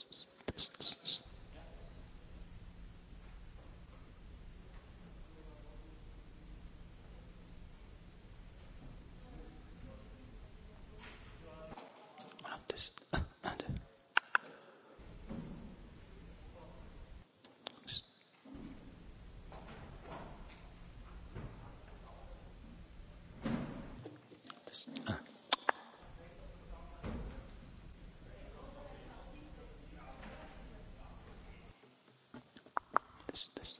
services. business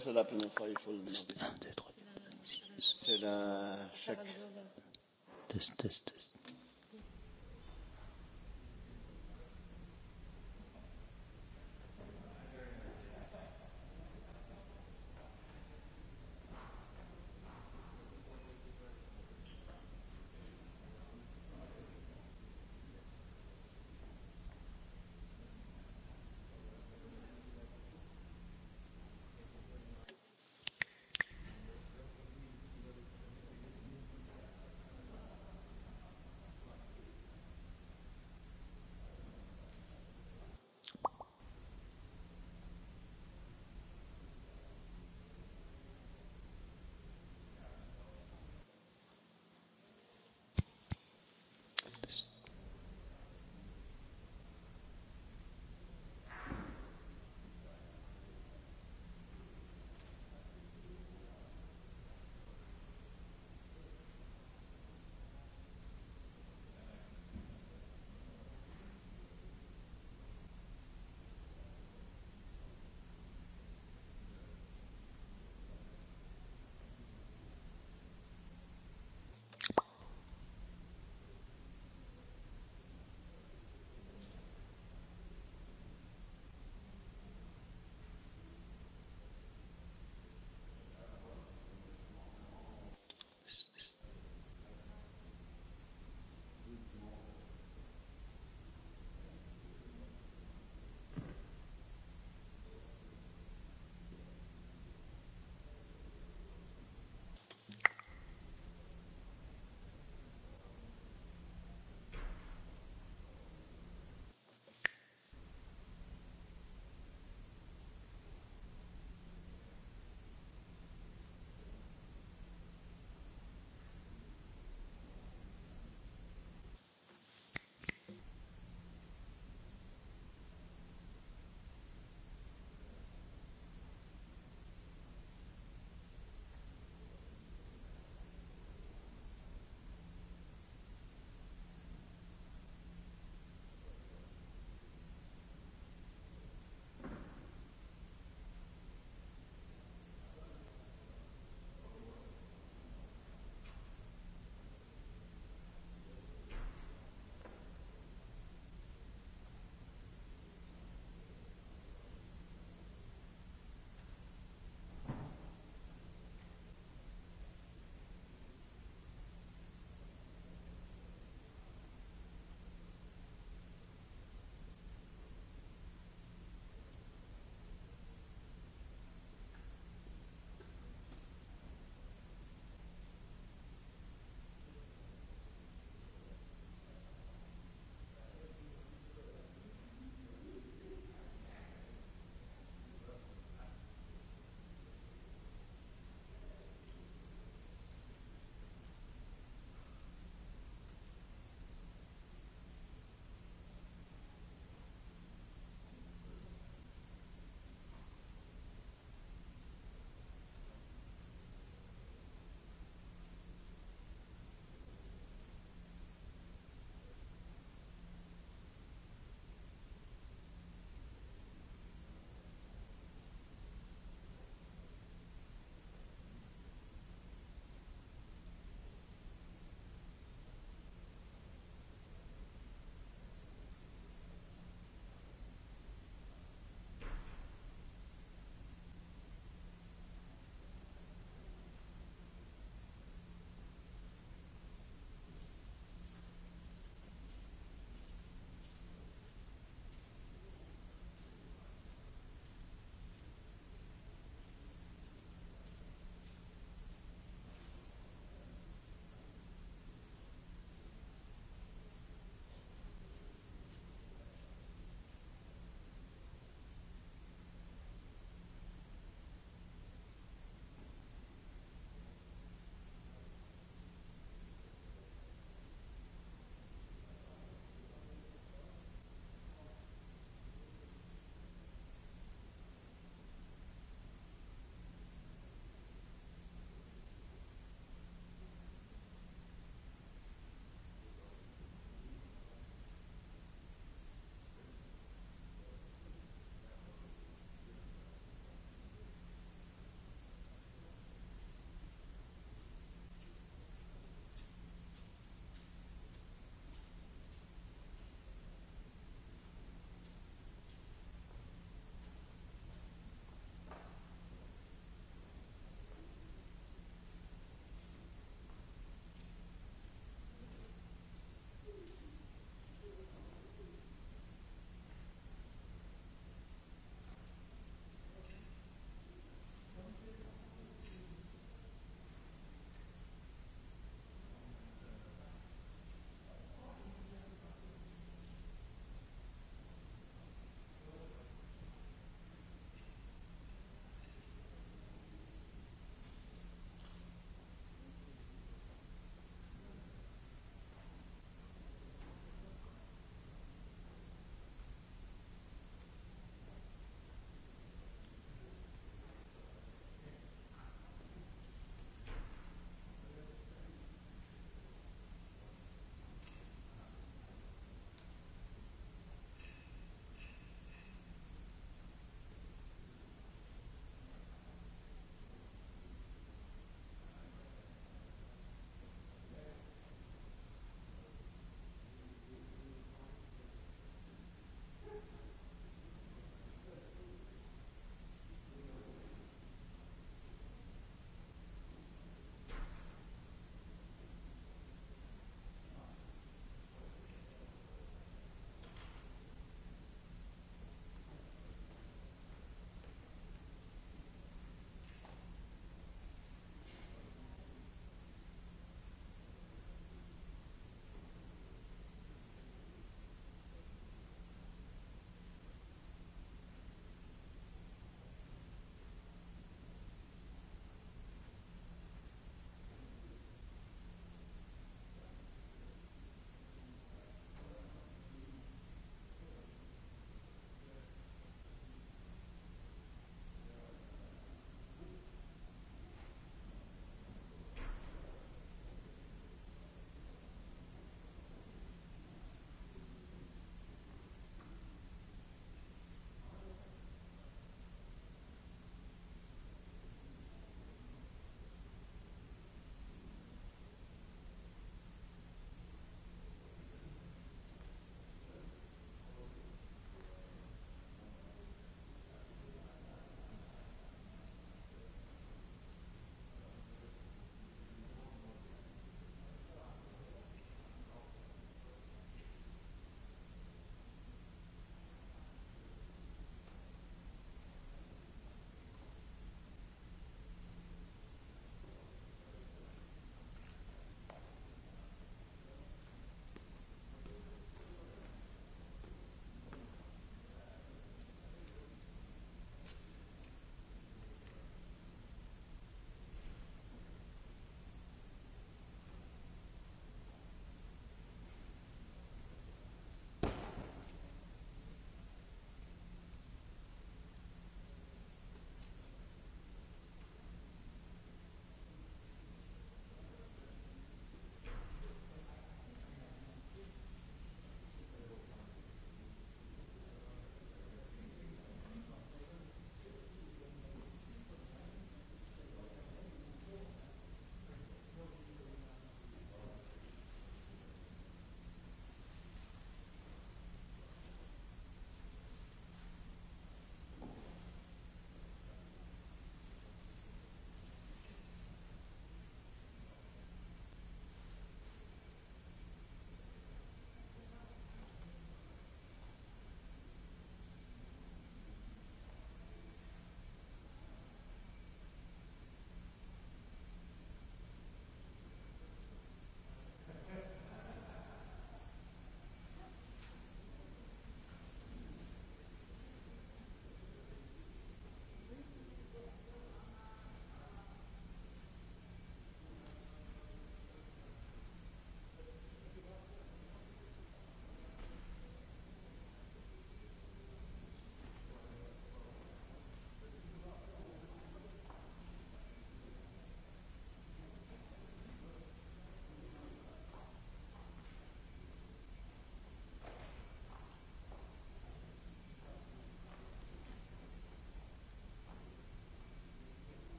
C'est la première fois, il faut le demander. C'est la... Chaque... Test, test, test.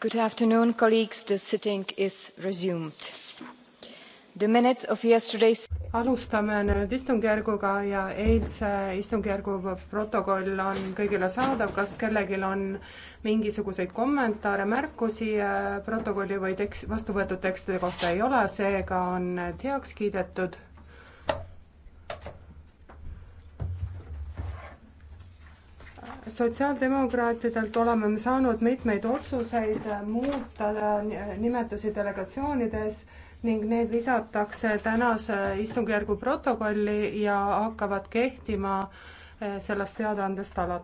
good afternoon colleagues the sitting is resumed the minutes of yesterday's alustame nüüd istungjärguga ja eilse istungjärgu protokoll on kõigile saadav kas kellelgi on mingisuguseid kommentaare märkusi äh, protokolli või tekst vastuvõetud tekstide kohta ei ole seega on need heaks kiidetud sotsiaaldemokraatidelt oleme me saanud mitmeid otsuseid muuta äh, nimetusi delegatsioonides ning need lisatakse tänase istungjärgu protokolli ja hakkavad kehtima äh, sellest teadaandest alates.